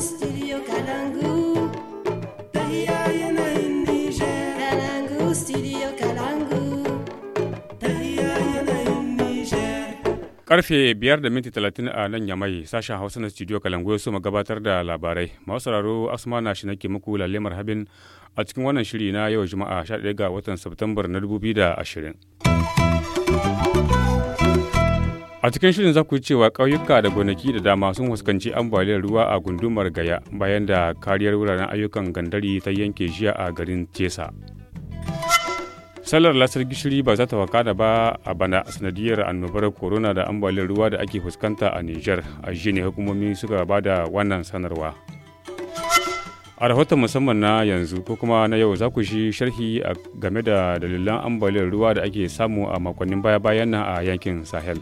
studio Kalangu. Karfe biyar da minti talatin a nan yamai sashen Hausa na studio Kalangu su gabatar da labarai. Masu sauraro Asma na shi nake muku lalle habin a cikin wannan shiri na yau Juma'a 11 ga watan Satumbar na 2020. A cikin shirin za ku yi cewa ƙauyuka da gonaki da dama sun fuskanci ambaliyar ruwa a gundumar Gaya bayan da kariyar wuraren ayyukan gandari ta yanke jiya a garin Cesa. Sallar lasar gishiri ba za ta wakana ba a bana sanadiyar annobar corona da ambaliyar ruwa da ake fuskanta a Nijar a jiya ne hukumomi suka ba da wannan sanarwa. A rahoton musamman na yanzu ko kuma na yau za ku shi sharhi game da dalilan ambaliyar ruwa da ake samu a makonnin baya-bayan nan a yankin Sahel.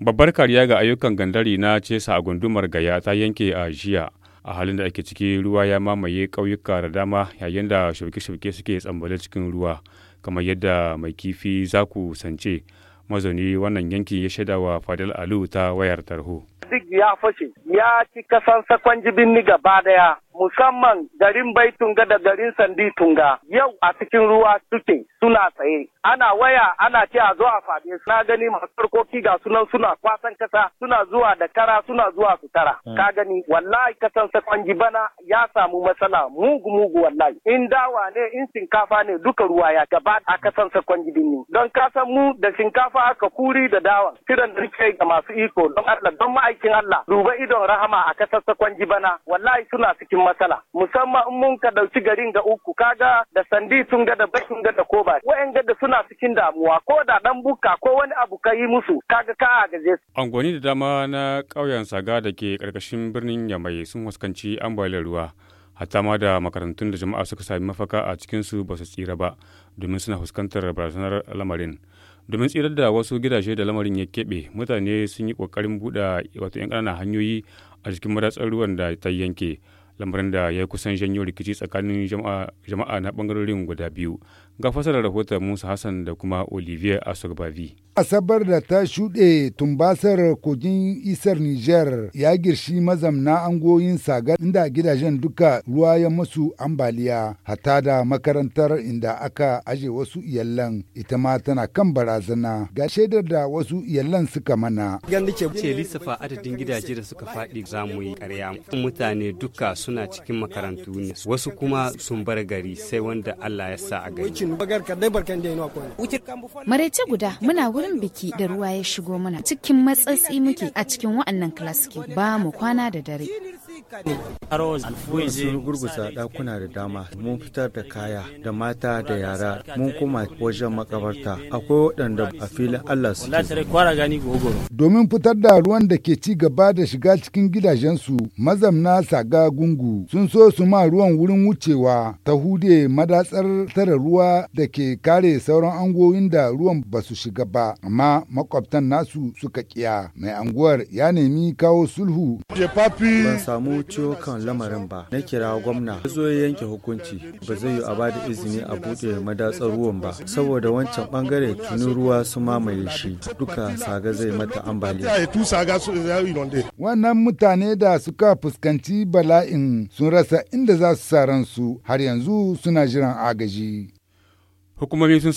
Babbar kariya ga ayyukan gandari na cesa a gundumar gaya ta yanke a jiya. A halin da ake ciki ruwa ya mamaye ƙauyuka da dama yayin da shauke-shauke suke tsambale cikin ruwa kamar yadda mai kifi zaku sance. mazauni wannan yanki ya shaida wa Fadil Alu ta wayar tarho. Duk ya fashe, ya ci kasan sakon jibin ni gaba daya. musamman garin Baitunga da garin Sandi Tunga yau a cikin ruwa suke suna tsaye. Ana waya ana ce a zo a fade na gani masu harkoki ga sunan suna kwasan kasa suna zuwa da kara suna zuwa su hmm. Ka gani wallahi kasan sakon bana ya samu matsala mugu mugu wallahi. In dawa ne in shinkafa ne duka ruwa ya gaba a kasan sakwanji ne. Don kasan mu da shinkafa aka kuri da dawa kiran da ga masu iko don Allah don ma'aikin Allah duba idon rahama a kasan sakon bana wallahi suna cikin cikin matsala musamman in mun ka dauki garin ga uku kaga da sandi sun ga da bakin ga da koba wa'en da suna cikin damuwa ko da dan buka ko wani abu ka yi musu kaga ka a gaje su angoni da dama na ƙauyen saga da ke karkashin birnin yamai sun fuskanci ambaliyar ruwa hatta ma da makarantun da jama'a suka sami mafaka a cikinsu ba su tsira ba domin suna fuskantar barazanar lamarin domin tsirar da wasu gidaje da lamarin ya keɓe mutane sun yi ƙoƙarin buɗe wato 'yan ƙananan hanyoyi a cikin madatsar ruwan da ta yanke lamarin da ya kusan janyo rikici tsakanin jama'a na bangarorin guda biyu ga fasarar rahoton musa hassan da kuma olivier asogbavi asabar da ta shuɗe tumbasar kogin isar niger ya girshi mazamna angoyin sagar inda gidajen duka ruwa ya masu ambaliya hata da makarantar inda aka aje wasu iyalan ita ma tana kan barazana ga shaidar da wasu iyalan suka mana ce lissafa adadin gidaje da suka faɗi za mu yi ƙarya mutane duka su suna cikin makarantu ne wasu kuma sun bar gari sai wanda Allah ya sa a gari. Maraice guda muna wurin biki da ruwa ya shigo mana cikin matsatsi muke a cikin wa'annan klasiki ba mu kwana da dare Ruwan sun gurgusa ɗakuna da dama, mun fitar da kaya da mata da yara, mun kuma wajen makabarta. Akwai waɗanda a filin Allah suke. Domin fitar da ruwan da ke ci gaba da shiga cikin gidajensu, mazamna saga gungu sun so su ma ruwan wurin wucewa ta hude madatsar tara ruwa da ke kare sauran angoyin da ruwan ba su shiga ba, amma makwabtan nasu suka kiya. Mai anguwar ya nemi kawo sulhu. Ban samu samu kan lamarin ba na kira gwamna ya zo ya yanke hukunci ba zai yi a ba da izini a buɗe madatsar ruwan ba saboda wancan bangare tuni ruwa su mamaye shi duka saga zai mata ambaliya wannan mutane da suka fuskanci bala'in sun rasa inda za su sa ransu har yanzu suna jiran agaji Hukumomi sun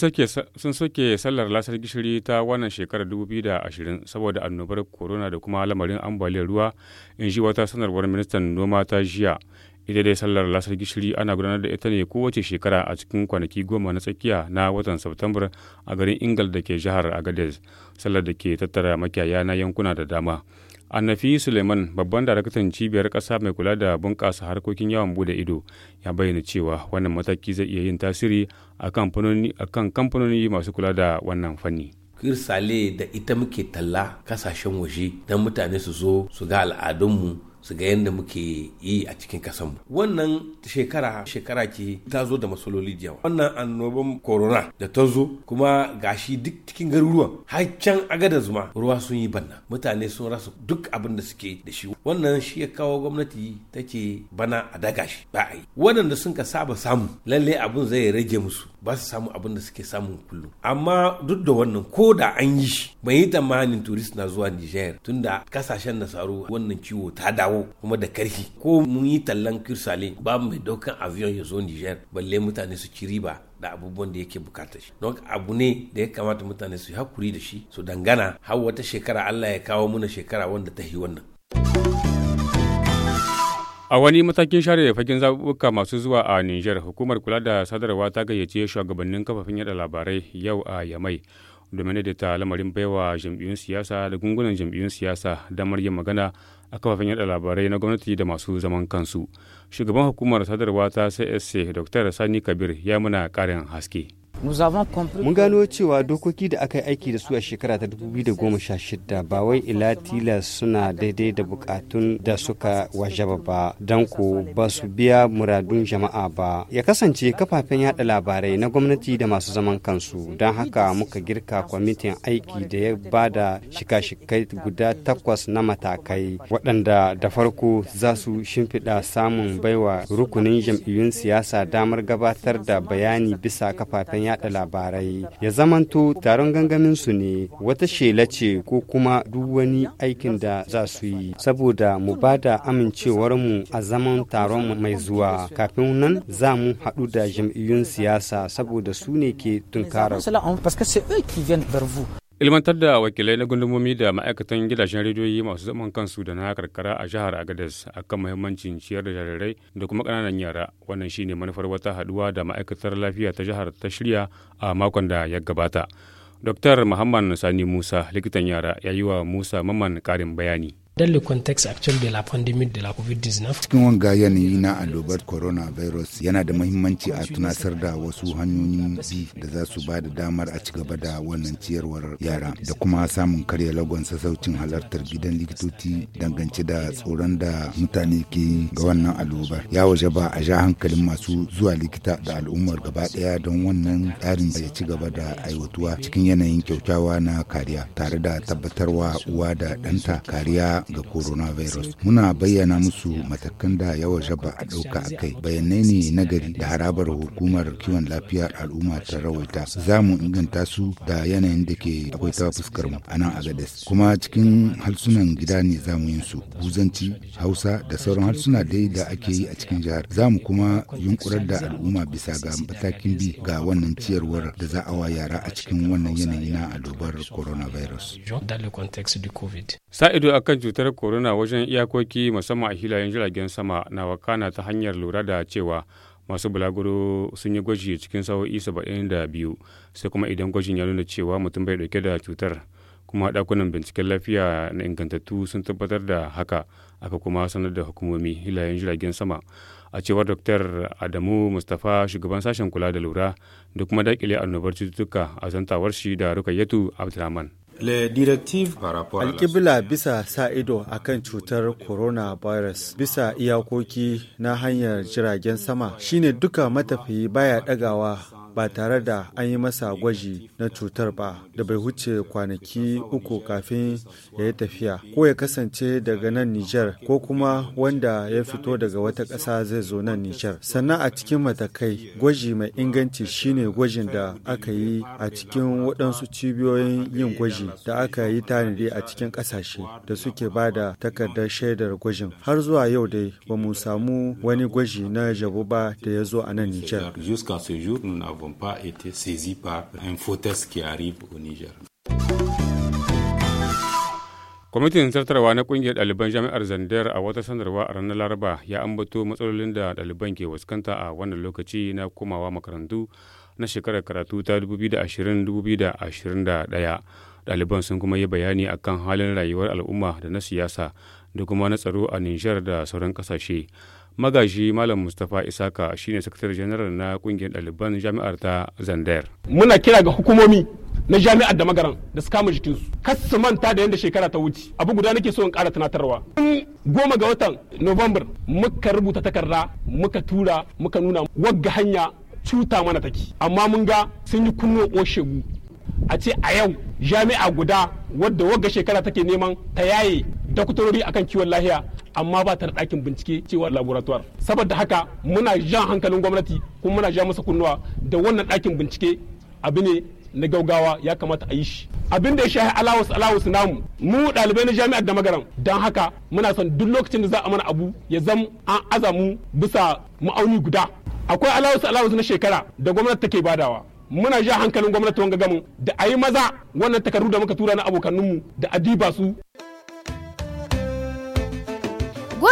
soke sallar lasar gishiri ta wannan shekarar ashirin saboda annobar corona da kuma lamarin ambaliyar ruwa in ji wata sanarwar ministan noma ta jiya. Ita dai sallar lasar gishiri ana gudanar da ita ne kowace shekara a cikin kwanaki goma na tsakiya na watan september a garin Ingal da ke jihar Agadez, sallar da ke tattara makiyaya na yankuna da dama. annafi suleiman babban daraktan cibiyar ƙasa mai kula da bunƙasa harkokin yawon bude ido ya bayyana cewa wannan mataki zai iya yin tasiri a kan kamfanoni masu kula da wannan fanni. kirsale da ita muke talla kasashen waje don mutane su zo su ga al'adunmu su ga yadda muke yi a cikin kasan wannan shekara shekara ce ta zo da masaloli jiyawa. wannan annoban corona da ta zo kuma gashi duk cikin garuruwan har can agada zuma ruwa sun yi banna mutane sun rasa duk abin da suke da shi wannan shi ya kawo gwamnati take bana a daga shi ba a yi waɗanda sun ka saba samu lalle abin zai rage musu ba su samu abin da suke samun kullum amma duk da wannan ko da an yi shi ban yi tamanin turist na zuwa niger tunda kasashen nasaru wannan ciwo ta dawo kuma da karfi ko mun yi tallan kirsale ba mai daukan aviyon ya zo niger balle mutane su ci riba da abubuwan da yake bukata shi don abu ne da ya kamata mutane su hakuri da shi su dangana har wata shekara allah ya kawo muna shekara wanda ta yi wannan A wani matakin share fagen zaɓuɓɓuka masu zuwa a Nijar, hukumar kula da sadarwa ta gayyace shugabannin kafafen yada labarai yau a Yamai domin da ta lamarin baiwa jam'iyyun siyasa da gungunan jam'iyyun siyasa damar yin magana a kafafen yada labarai na gwamnati da masu zaman kansu. Shugaban hukumar sadarwa ta CSC Dr. Sani Kabir ya muna ƙarin haske. Mun gano cewa dokoki da aka yi aiki da su a shekara ta 2016 ba wai ila tilas suna daidai da bukatun da suka wajaba ba don ko ba su biya muradun jama'a ba. Ya kasance kafafen yada labarai na gwamnati da masu zaman kansu don haka muka girka kwamitin aiki da ya ba da shika-shikai guda takwas na matakai waɗanda da farko za su shimfiɗa samun baiwa rukunin jam'iyyun siyasa damar gabatar da bayani bisa kafafen yada labarai ya zamanto taron gangamin su ne wata shela ce ko kuma duk wani aikin da za su yi saboda mu ba da amincewar mu a zaman taron mai zuwa kafin nan za mu haɗu da jam'iyyun siyasa saboda su ne ke tunkarar ilmantar da wakilai na gundumomi da ma'aikatan gidajen rediyoyi masu zaman kansu da na karkara a jihar agadez akan muhimmancin ciyar da jarirai da kuma kananan yara wannan shine manufar wata haduwa da ma'aikatar lafiya ta jihar ta shirya a makon da ya gabata dr muhammad sani musa likitan yara ya yi wa musa maman karin bayani dans le contexte actuel de la pandémie de la COVID-19. Cikin wanga yanayi na allobar coronavirus yana da mahimmanci a tunasar da wasu hanyoyin bi da za su ba da damar a cigaba da wannan ciyarwar yara da kuma samun karya lagon sassaucin halartar gidan likitoci dangance da tsoron da mutane ke ga wannan allobar. Ya waje ba a ja hankalin masu zuwa likita da al'ummar gaba daya don wannan tsarin ya cigaba da aiwatuwa cikin yanayin kyautawa na kariya tare da tabbatarwa uwa da ɗanta kariya ga coronavirus muna bayyana musu matakan da yawan jaba a ɗauka a kai bayanai ne na gari da harabar hukumar kiwon lafiyar al'umma ta rawaita za mu inganta su da yanayin da ke akwai ta fuskar mu a nan a kuma cikin harsunan gida ne za mu yin su buzanci hausa da sauran harsuna dai da ake yi a cikin jihar za mu kuma yunkurar da al'umma bisa ga matakin bi ga wannan ciyarwar da za a wa yara a cikin wannan yanayi na adobar coronavirus. Sa akan cutar corona wajen iyakoki musamman a hilayen jiragen sama na wakana ta hanyar lura da cewa masu bulaguro sun yi gwaji cikin sa'o'i saba'in da biyu sai kuma idan gwajin ya nuna cewa mutum bai dauke da cutar kuma dakunan binciken lafiya na ingantattu sun tabbatar da haka aka kuma sanar da hukumomi hilayen jiragen sama a cewar dr adamu mustapha shugaban sashen kula da lura da kuma dakile annobar cututtuka a zantawar shi da rukayyatu abdulrahman Alƙibla bisa sa ido a kan cutar coronavirus bisa iyakoki na hanyar jiragen sama shine duka matafiyi baya ɗagawa ba tare da an yi masa gwaji na cutar ba da bai huce kwanaki uku kafin ya yi tafiya ko ya kasance daga nan Nijar ko kuma wanda ya fito daga wata ƙasa zai zo nan Nijar. Sannan a cikin matakai gwaji mai inganci shine gwajin da aka yi a cikin waɗansu cibiyoyin yin gwaji da aka yi tanadi a cikin ƙasashe da suke ba da takardar shaidar gwajin. Har zuwa yau dai ba mu samu wani gwaji na jabu ba da ya zo a nan Nijar. n'avons pas été saisis par un faux test qui arrive au Niger. kwamitin zartarwa na kungiyar ɗaliban jami'ar zandar a wata sanarwa a ranar laraba ya ambato matsalolin da ɗaliban ke fuskanta a wannan lokaci na komawa makarantu na shekarar karatu ta 2020-2021 ɗaliban sun kuma yi bayani a kan halin rayuwar al'umma da na siyasa da kuma na tsaro a nijar da sauran ƙasashe magaji malam mustapha isaka shine sakatare janar na kungiyar ɗaliban jami'ar ta zandayar muna kira ga hukumomi na jami'ar da magaran da su kama jikinsu kas su manta da yadda shekara ta wuce abu guda nake so in ƙara tunatarwa in goma ga watan november muka rubuta takarda muka tura muka nuna wagga hanya cuta mana take amma mun ga sun yi kunno oshegu a ce a yau jami'a guda wadda wagga shekara take neman ta yaye doktorori akan kiwon lahiya amma ba ta da ɗakin bincike cewa laboratuwar saboda haka muna jan hankalin gwamnati kuma muna jan masa kunnuwa da wannan ɗakin bincike abu ne na gaugawa ya kamata a yi shi abin da ya shahi alawus alawus namu mu ɗalibai na jami'ar da magaran don haka muna son duk lokacin da za a mana abu ya zam an azamu bisa ma'auni guda akwai alawus alawus na shekara da gwamnati take badawa muna ja hankalin gwamnati wanga gamin da a yi maza wannan takardu da muka tura na abokanninmu da adiba su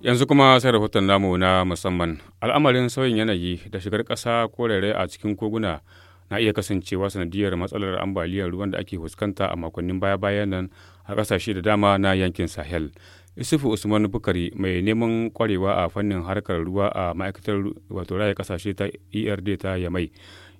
Yanzu kuma sai rahoton namu na musamman al'amarin sauyin yanayi da shigar ƙasa ko a cikin koguna na iya kasancewa sanadiyar matsalar ambaliyar ruwan da ake fuskanta a makonnin baya-bayan nan a ƙasashe da dama na yankin Sahel. Isufu Usman Bukari mai neman kwarewa a fannin harkar ruwa a ma'aikatar wato raya ƙasashe ta ERD ta Yamai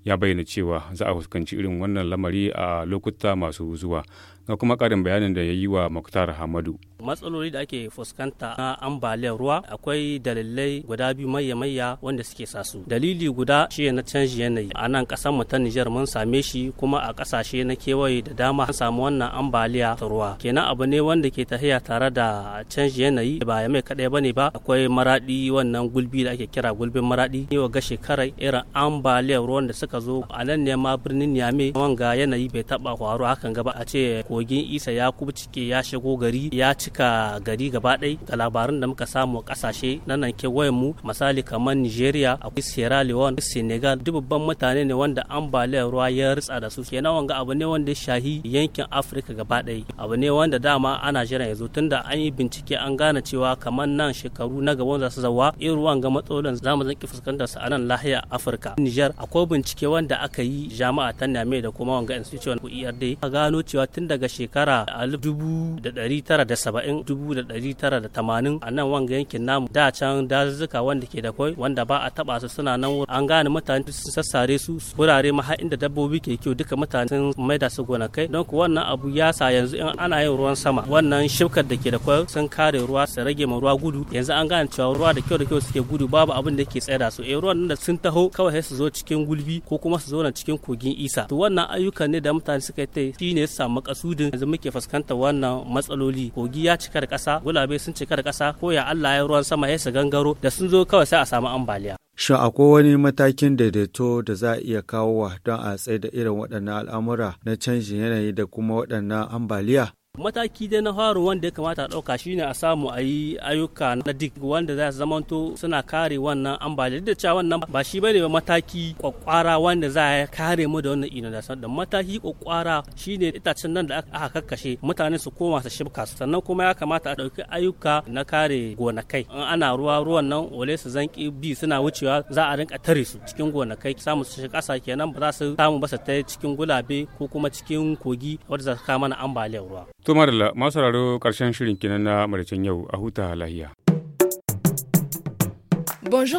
ya bayyana cewa za a fuskanci irin wannan lamari a lokuta masu zuwa ga kuma karin bayanin da ya yi wa muktar hamadu matsaloli da ake fuskanta na ambaliyar ruwa akwai dalilai guda biyu maya maya wanda suke sasu dalili guda shi na canji yanayi a nan kasar mu ta Nijar mun same shi kuma a kasashe na kewaye da dama an samu wannan ambaliya ta ruwa kenan abu ne wanda ke tahiya tare da canji yanayi ba ya mai kadai bane ba akwai maradi wannan gulbi da ake kira gulbin maradi ne wa ga shekarar irin ambaliyar ruwan da suka suka zo a nan ne ma birnin Niamey wanga yanayi bai taba faru hakan gaba a ce kogin Isa ya cike ya shigo gari ya cika gari gaba ɗai ga labarin da muka samu a kasashe na nan kewayen mu misali kamar Nigeria akwai Sierra Leone Senegal dubban mutane ne wanda ambaliyar ruwa ya ritsa da su kenan wanga abu ne wanda shahi yankin Afirka gaba ɗai abu ne wanda dama ana jiran yanzu tunda an yi bincike an gane cewa kamar nan shekaru na gaban za su zawa irin ruwan ga matsalolin zamu zaki fuskantar su a nan lahiya Afirka Niger akwai bincike bincike wanda aka yi jama'a ta Name da kuma wanga institution ku ERD a gano cewa tun daga shekara 1970 a nan wanga yankin namu da can dazuzzuka wanda ke da kwai wanda ba a taba su suna nan wurin an gane mutane sun sassare su wurare ma inda dabbobi ke kyau duka mutane sun maida su gonakai don ku wannan abu ya sa yanzu in ana yin ruwan sama wannan shifkar da ke da kwai sun kare ruwa su rage ma ruwa gudu yanzu an gane cewa ruwa da kyau da kyau suke gudu babu abin da ke da su eh ruwan da sun taho kawai sai su zo cikin gulbi ko kuma su zauna cikin kogin isa to wannan ayyukan ne da mutane suka yi shi ne su samu kasudin yanzu muke fuskantar wannan matsaloli kogi ya cika da kasa gulabe sun cika da kasa ko ya Allah ya ruwan sama ya su gangaro da sun zo kawai sai a samu ambaliya Shin akwai wani matakin daidaito da za a iya kawowa don a tsaye da irin waɗannan al'amura na canjin yanayi da kuma waɗannan ambaliya? mataki dai na faru wanda ya kamata a ɗauka shine a samu a yi ayyuka na dik wanda za su zamanto suna kare wannan ambaliya da cewa wannan ba shi bane mataki kwakwara wanda za a kare mu da wannan inundation da mataki kwakwara shine itacen nan da aka kakkashe mutane su koma su shibka sannan kuma ya kamata a ɗauki ayyuka na kare gonakai in ana ruwa ruwan nan ole su zanki bi suna wucewa za a rinka tare su cikin gonakai samu su shiga ƙasa kenan ba za su samu ba su ta cikin gulabe ko kuma cikin kogi wanda za su kama mana ambaliyar ruwa Bonjour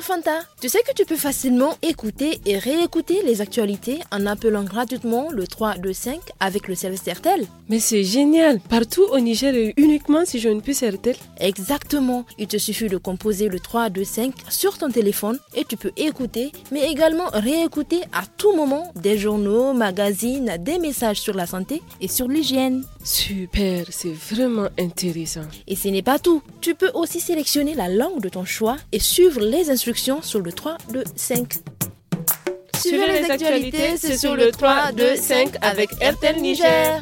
Fanta, tu sais que tu peux facilement écouter et réécouter les actualités en appelant gratuitement le 325 avec le service RTL. Mais c'est génial, partout au Niger et uniquement si j'ai une puce RTL. Exactement, il te suffit de composer le 325 sur ton téléphone et tu peux écouter, mais également réécouter à tout moment des journaux, magazines, des messages sur la santé et sur l'hygiène. Super, c'est vraiment intéressant. Et ce n'est pas tout. Tu peux aussi sélectionner la langue de ton choix et suivre les instructions sur le 3, 2, 5. Suivez les actualités, c'est sur le 3, 2, 5 avec RTL Niger.